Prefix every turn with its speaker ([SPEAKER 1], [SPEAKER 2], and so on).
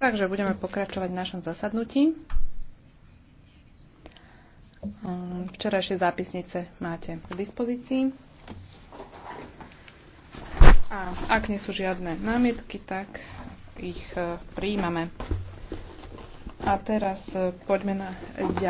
[SPEAKER 1] Takže budeme pokračovať v našom zasadnutí. Ehm, včerajšie zápisnice máte k dispozícii. A ak nie sú žiadne námietky, tak ich e, príjmame.
[SPEAKER 2] A teraz e, poďme na ďalšie.